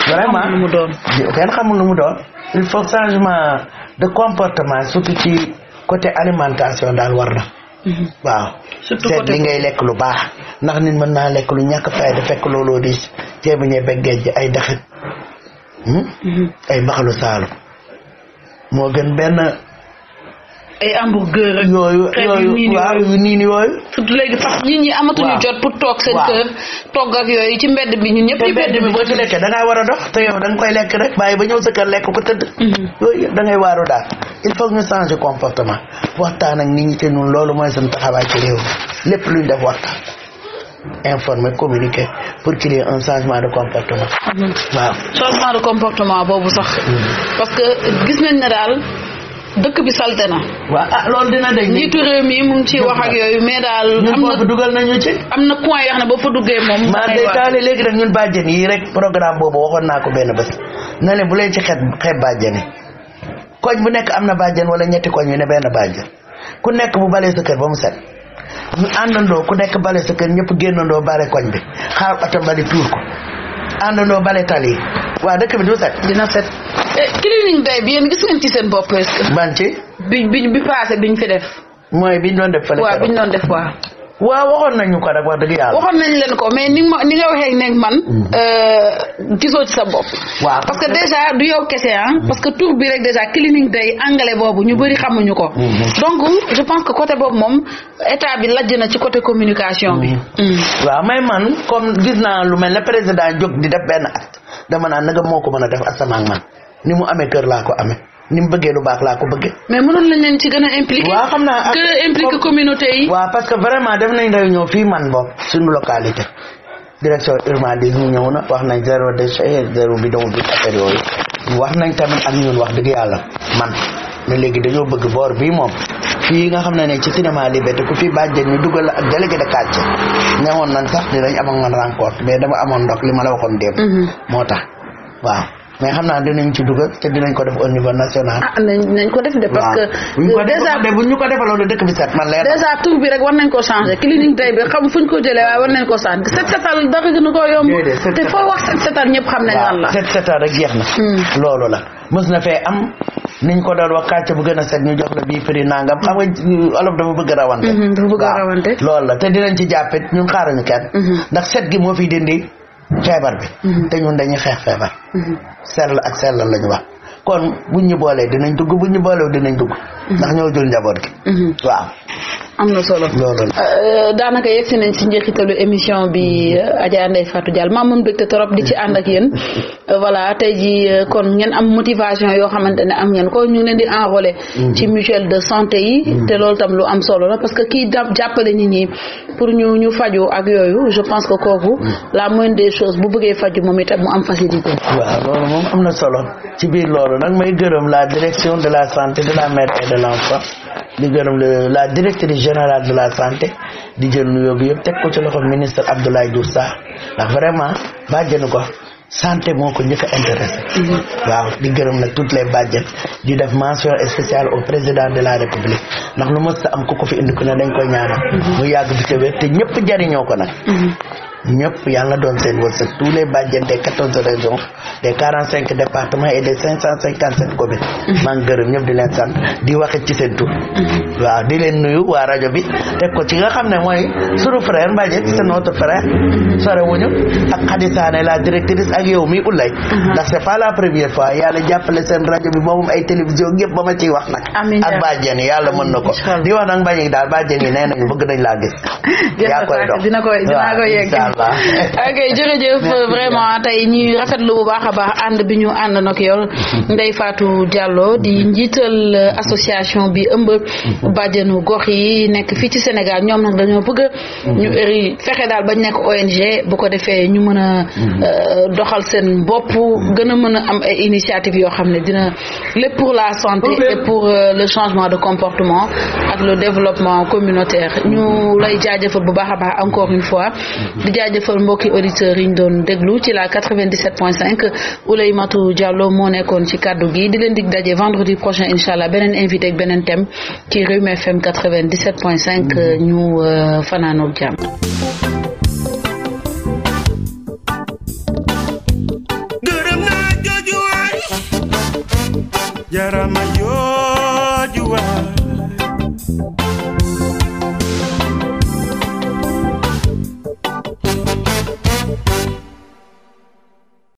vraiment lu mu doon. kenn xamul lu mu doon il faut changement de comportement su ci côté alimentation daal war na. Mhm. waaw seet li ngay lekk lu baax ndax nit mën naa lekk lu ñàkk fayda fekk looloo di ceebu ñebe géej ay daxit hmm? mhm. ay mbaxalu saalum moo gën benn ay hamburger ak. yooyu yooyu waaw yu nii nii yooyu. surtout léegi sax nit ñi amatuñu jot. pour toog seen kër. togg ak yooyu ci mbedd bi ñun ñëpp. ci mbedd bi boo ci lekkee da ngaa war a dox te yow da koy lekk rek bàyyi ba ñëw sa lekk ko tëdd. Mhm. yooyu da ngay waaru daal il faut ñu changer comportement waxtaan ak nit ñi te ñun loolu mooy seen taxawaay ci réew mi lépp luñ def waxtaan. informer communiquer pour qu'il y ait un changement de comportement. Mhm. boobu sax. Mhm. parce gis nañ ne daal. dëkk bi salte na. waaw ah loolu dina dégg. njiitu réew mi mu ngi ciy yooyu mais daal. am na dugal nañu ci. am na point yoo xam ne moom. maa day taale léegi nag ñun bàjjen yi rek programme boobu waxoon naa ko benn bés. na ne bu leen ci xeet xeet bàjjen yi koñ bu nekk am na bàjjen wala ñetti koñ yu ne benn bàjjen ku nekk bu balee sa kër ba mu set ñu àndandoo ku nekk bale sa kër ñëpp génnandoo bare koñ bi xaar oto mbali tuur ko àndandoo bale tali waaw dëkk bi du set. dina set eh, clinique day bi yéen gis ngeen ci seen bopp est-ce que. ban ci. bi bi paase biñ fi def. mooy biñ doon def fële. waaw biñ doon def waaw. waaw waxoon nañu ko rek wax dëgg yàlla. waxoon nañ leen ko mais ni ma ni nga waxee nekk man. Hmm. Euh, gisoo ci sa bopp. waaw parce que déjà du yow kese ah. parce que tour bi rek déjà clinique day anglais boobu ñu bëri xamuñu ko. Hmm. donc je pense que côté boobu moom état bi lajj na ci côté communication bi. waaw may man comme gis naa lu mel ne président jóg di def benn acte dama naan nag moo ko mën a def ak sama man ni mu amee kër laa ko amee. ni mu bëggee lu baax laa ko bëggee. mais mënoon nañ leen ci gën xam naa am communauté waaw parce vraiment def nañ réunion fii man boog suñu localité. direction urbanisme ñëw na wax nañ zéro déchet zéro bidon bi affaire yooyu wax nañ tamit ak ñun wax dëgg yàlla man léegi dañoo bëgg boor bii moom fii nga xam ne ne ci cinéma liberté ku fi bàjjen ñu dugal la ak délégué de quartier ñëwoon nañ sax dinañ amoon man rencontre mais dama amoon ndox li ma la waxoon démb mhm. moo tax waaw mais xam naa dinañ ci dugal te dinañ ko def au niveau national. Ah, nañ ko def de parce que. dèjà bu ñu ko defaloon bi na. rek war nañ koo changé clinique day bi xam fuñ ko jëlee waaye war nañ koo changé set la. set setal rek jeex na. Hmm. loolu la mës na fee am. niñ ko doon wax kàcce bu gën a set ñu jox la bii prix nangam xam nga euh, olof dafa bëgg rawante. Hmm, dafa bëgg rawante loolu la te dinañ ci jàppit ñun xaaruñu kenn. Hmm. ndax set gi moo fiy dindi. feebar bi mm-hmm. te ñun dañuy xeex feebar mm-hmm. sell ak sellal la ñu wax kon buñ ñu boolee dinañ dugg bu ñu boolee dinañ dugg mm-hmm. ndax ñoo jël njaboot gi waaw am na solo euh, daanaka yegsi nañ si njeexitalu émission bi euh, Adja Ndeye Fatou Diallo maam moom bégte trop di ci ànd ak yéen euh, voilà tey ji kon ngeen am motivation yoo xamante ne am ngeen ko ñu ngi leen di enrôler mhm. ci mutuelle de santé yi mhm. te loolu tam lu am solo la parce que kii jàppale nit ñi pour ñu ñu faju ak yooyu je pense que kooku mhm. la moindre des choses bu bëggee faju moom itam mu am facilité waaw loolu moom am na solo ci biir loolu nag may gërëm la direction de la santé di la directrice générale de la santé di jël nuyoo bi yëpp teg ko ci loxo ministre Abdoulaye Diouf Sarr ndax vraiment bàjjenu ko santé moo ko njëkk a intéressé mhm. waaw di gërëm nag toutes les bàjjen di def mention spéciale au président de la république ndax lu mës a am ku ko fi indi ku ne dañ koy ñaanal mhm. mu yàgg bi te wér te ñëpp jariñoo ko nag mhm. ñëpp yàlla doon seen wërsëg tous les bàjjen des quatorze régions des quarante cinq départements et des cinq cent cinquante sept communes mm-hmm. maa ngi ñëpp di leen sant di waxit ci seen tur mm-hmm. waaw di leen nuyu waa rajo bi te ko ci nga xam ne mooy sunu frère Mbadji c'est notre frère mm-hmm. sore wuñu ak Khady Sané la directrice ak yow mi ulay ndax c'est pas la première fois yàlla jàppale seen rajo bi boobu ay télévision yëpp ba ma ciy wax nag ak bàjjen yi yàlla mën na ko di wax nag Mbadji daal bàjjen yi nee nañu bëgg nañ laa allah. ok jërëjëf vraiment tey ñuy rafetlu bu baax a baax ànd bi ñu ànd nag yow Ndeye Fatou Diallo di njiital euh, association bi ëmb bàjjenu gox yi nekk fii ci Sénégal ñoom nag dañoo bëgg ñu ri fexe daal bañ nekk ONG bu ko defee ñu mën a euh, doxal seen bopp gën a mën a am ay initiative yoo xam ne dina lépp pour la santé et pour euh, le changement de comportement ak le développement communautaire ñu lay jaajëfal bu baax a baax encore une fois jaajëfal mbokki auditeurs yi ñu doon déglu ci la 97.5 Ouleymatou Diallo moo nekkoon ci kàddu gi di leen dig daje vendredi prochain incha allah beneen invité ak beneen thème ci Rewmi FM 97.5 ñu euh, fanaanoog jàmm. jarama yoojuwa